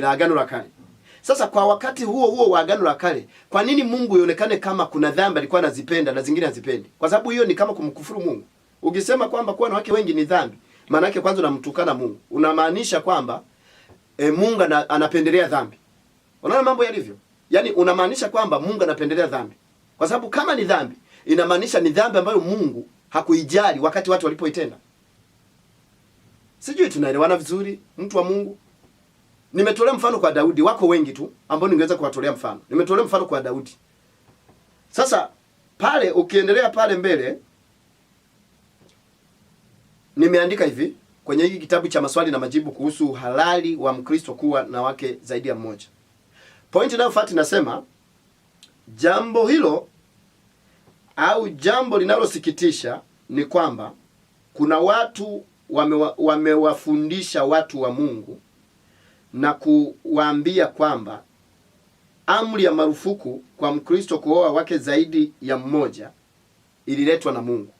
la Agano la Kale. Sasa kwa wakati huo huo wa Agano la Kale, kwa nini Mungu ionekane kama kuna dhambi alikuwa anazipenda na zingine hazipendi? Kwa sababu hiyo ni kama kumkufuru Mungu. Ukisema kwamba kuwa na wake wengi ni dhambi, maana yake kwanza unamtukana Mungu. Unamaanisha kwamba e, Mungu anapendelea dhambi. Unaona mambo yalivyo? Yaani unamaanisha kwamba Mungu anapendelea dhambi. Kwa sababu kama ni dhambi, inamaanisha ni dhambi ambayo Mungu hakuijali wakati watu walipoitenda. Sijui tunaelewana vizuri, mtu wa Mungu? Nimetolea mfano kwa Daudi, wako wengi tu ambao ningeweza kuwatolea mfano. Nimetolea mfano kwa Daudi. Sasa pale ukiendelea pale mbele nimeandika hivi kwenye hiki kitabu cha maswali na majibu kuhusu halali wa Mkristo kuwa na wake zaidi ya mmoja. Pointi inayofuata inasema jambo hilo au jambo linalosikitisha ni kwamba kuna watu wamewa, wamewafundisha watu wa Mungu na kuwaambia kwamba amri ya marufuku kwa Mkristo kuoa wake zaidi ya mmoja ililetwa na Mungu,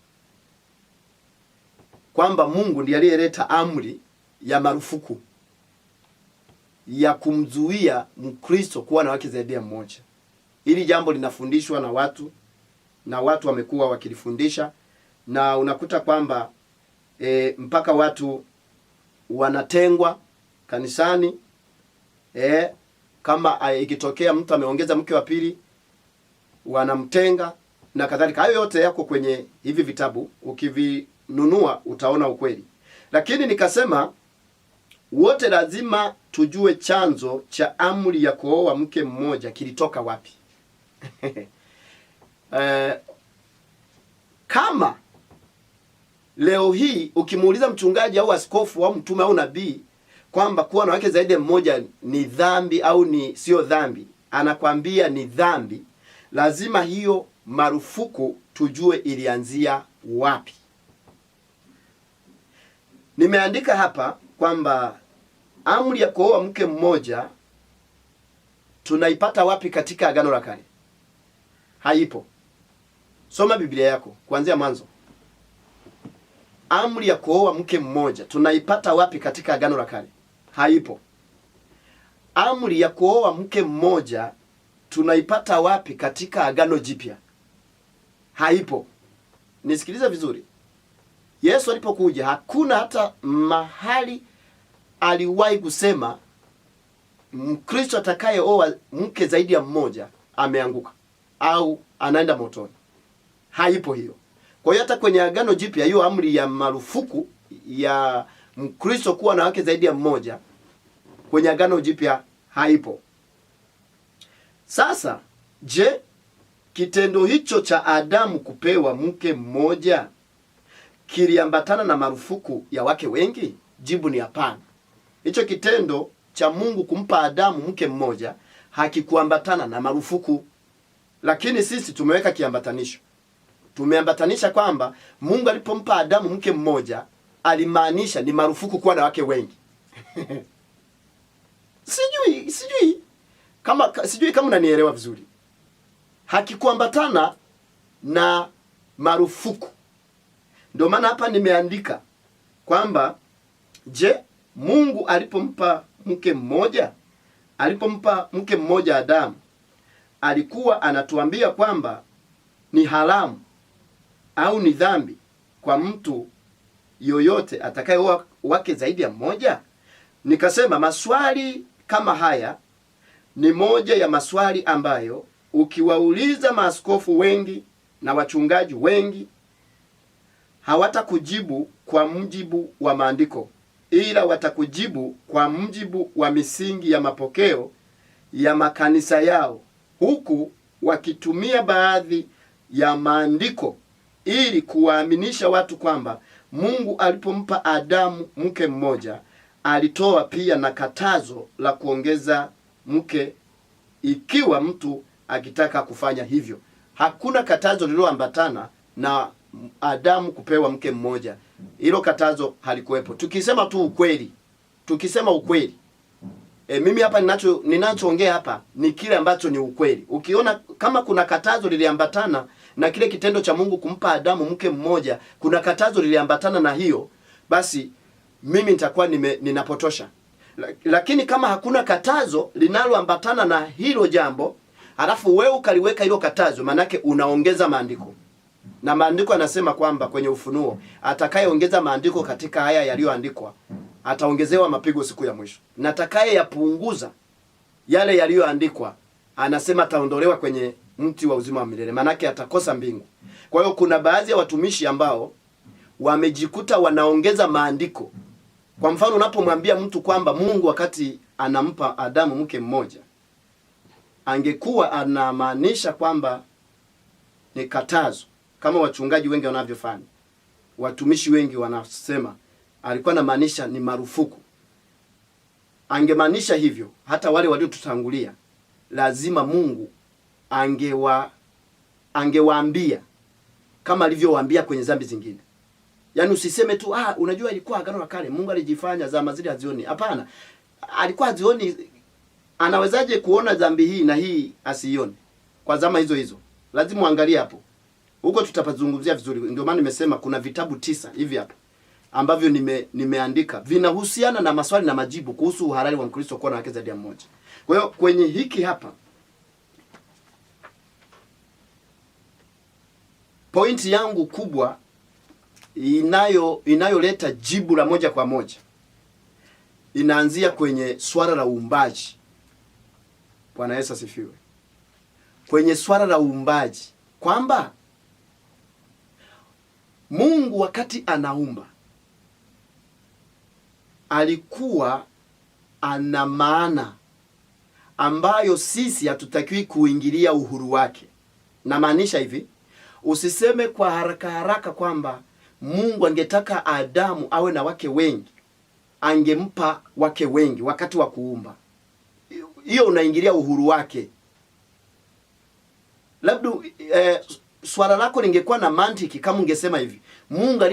kwamba Mungu ndiye aliyeleta amri ya marufuku ya kumzuia Mkristo kuwa na wake zaidi ya mmoja. Hili jambo linafundishwa na watu na watu wamekuwa wakilifundisha, na unakuta kwamba e, mpaka watu wanatengwa kanisani eh, kama ikitokea mtu ameongeza mke wa pili wanamtenga na kadhalika. Hayo yote yako kwenye hivi vitabu, ukivinunua utaona ukweli. Lakini nikasema wote lazima tujue chanzo cha amri ya kuoa mke mmoja kilitoka wapi? Eh, kama leo hii ukimuuliza mchungaji au askofu au mtume au nabii kwamba kuwa na wake zaidi ya mmoja ni dhambi au ni sio dhambi, anakwambia ni dhambi. Lazima hiyo marufuku tujue ilianzia wapi. Nimeandika hapa kwamba amri ya kuoa mke mmoja tunaipata wapi katika Agano la Kale? Haipo. Soma Biblia yako kuanzia mwanzo. Amri ya kuoa mke mmoja tunaipata wapi katika Agano la Kale? haipo. Amri ya kuoa mke mmoja tunaipata wapi katika Agano Jipya? Haipo. nisikiliza vizuri. Yesu alipokuja hakuna hata mahali aliwahi kusema Mkristo atakayeoa mke zaidi ya mmoja ameanguka au anaenda motoni. Haipo hiyo. Kwa hiyo hata kwenye Agano Jipya hiyo amri ya marufuku ya Mkristo kuwa na wake zaidi ya mmoja kwenye Agano Jipya haipo. Sasa je, kitendo hicho cha Adamu kupewa mke mmoja kiliambatana na marufuku ya wake wengi? Jibu ni hapana. Hicho kitendo cha Mungu kumpa Adamu mke mmoja hakikuambatana na marufuku, lakini sisi tumeweka kiambatanisho. Tumeambatanisha kwamba Mungu alipompa Adamu mke mmoja alimaanisha ni marufuku kuwa na wake wengi sijui sijui kama sijui kama unanielewa vizuri, hakikuambatana na marufuku. Ndio maana hapa nimeandika kwamba je, Mungu alipompa mke mmoja alipompa mke mmoja Adamu alikuwa anatuambia kwamba ni haramu au ni dhambi kwa mtu yoyote atakaye wake zaidi ya mmoja? Nikasema maswali kama haya ni moja ya maswali ambayo ukiwauliza maaskofu wengi na wachungaji wengi hawatakujibu kwa mjibu wa maandiko, ila watakujibu kwa mjibu wa misingi ya mapokeo ya makanisa yao, huku wakitumia baadhi ya maandiko ili kuwaaminisha watu kwamba Mungu alipompa Adamu mke mmoja, alitoa pia na katazo la kuongeza mke ikiwa mtu akitaka kufanya hivyo. Hakuna katazo lililoambatana na Adamu kupewa mke mmoja, hilo katazo halikuwepo. Tukisema tu ukweli, tukisema ukweli e, mimi hapa ninacho ninachoongea hapa ni kile ambacho ni ukweli. Ukiona kama kuna katazo liliambatana na kile kitendo cha Mungu kumpa Adamu mke mmoja, kuna katazo liliambatana na hiyo, basi mimi nitakuwa nime, ninapotosha. Lakini kama hakuna katazo linaloambatana na hilo jambo, halafu wewe ukaliweka hilo katazo, maanake unaongeza maandiko na maandiko yanasema kwamba kwenye Ufunuo, atakayeongeza maandiko katika haya yaliyoandikwa ataongezewa mapigo siku ya mwisho, na atakayeyapunguza yale yaliyoandikwa, anasema ataondolewa kwenye mti wa uzima wa milele, maanake atakosa mbingu. Kwa hiyo kuna baadhi ya watumishi ambao wamejikuta wanaongeza maandiko. Kwa mfano, unapomwambia mtu kwamba Mungu wakati anampa Adamu mke mmoja, angekuwa anamaanisha kwamba ni katazo, kama wachungaji wengi wanavyofanya. Watumishi wengi wanasema alikuwa anamaanisha ni marufuku. Angemaanisha hivyo, hata wale waliotutangulia lazima Mungu angewa angewaambia kama alivyowaambia kwenye dhambi zingine. Yaani usiseme tu ah, unajua ilikuwa agano la kale Mungu alijifanya zama zile azioni. Hapana. Alikuwa azioni, anawezaje kuona dhambi hii na hii asiione kwa zama hizo hizo? Lazima uangalie hapo. Huko tutapazungumzia vizuri. Ndio maana nimesema kuna vitabu tisa hivi hapo ambavyo nime, nimeandika vinahusiana na maswali na majibu kuhusu uhalali wa Mkristo kuwa na wake zaidi ya mmoja. Kwa hiyo kwenye hiki hapa pointi yangu kubwa inayo inayoleta jibu la moja kwa moja inaanzia kwenye swala la uumbaji. Bwana Yesu asifiwe. Kwenye swala la uumbaji kwamba Mungu wakati anaumba alikuwa ana maana ambayo sisi hatutakiwi kuingilia uhuru wake. Namaanisha hivi Usiseme kwa haraka haraka kwamba Mungu angetaka Adamu awe na wake wengi, angempa wake wengi wakati wa kuumba. Hiyo unaingilia uhuru wake. Labda eh, swala lako lingekuwa na mantiki kama ungesema hivi Mungu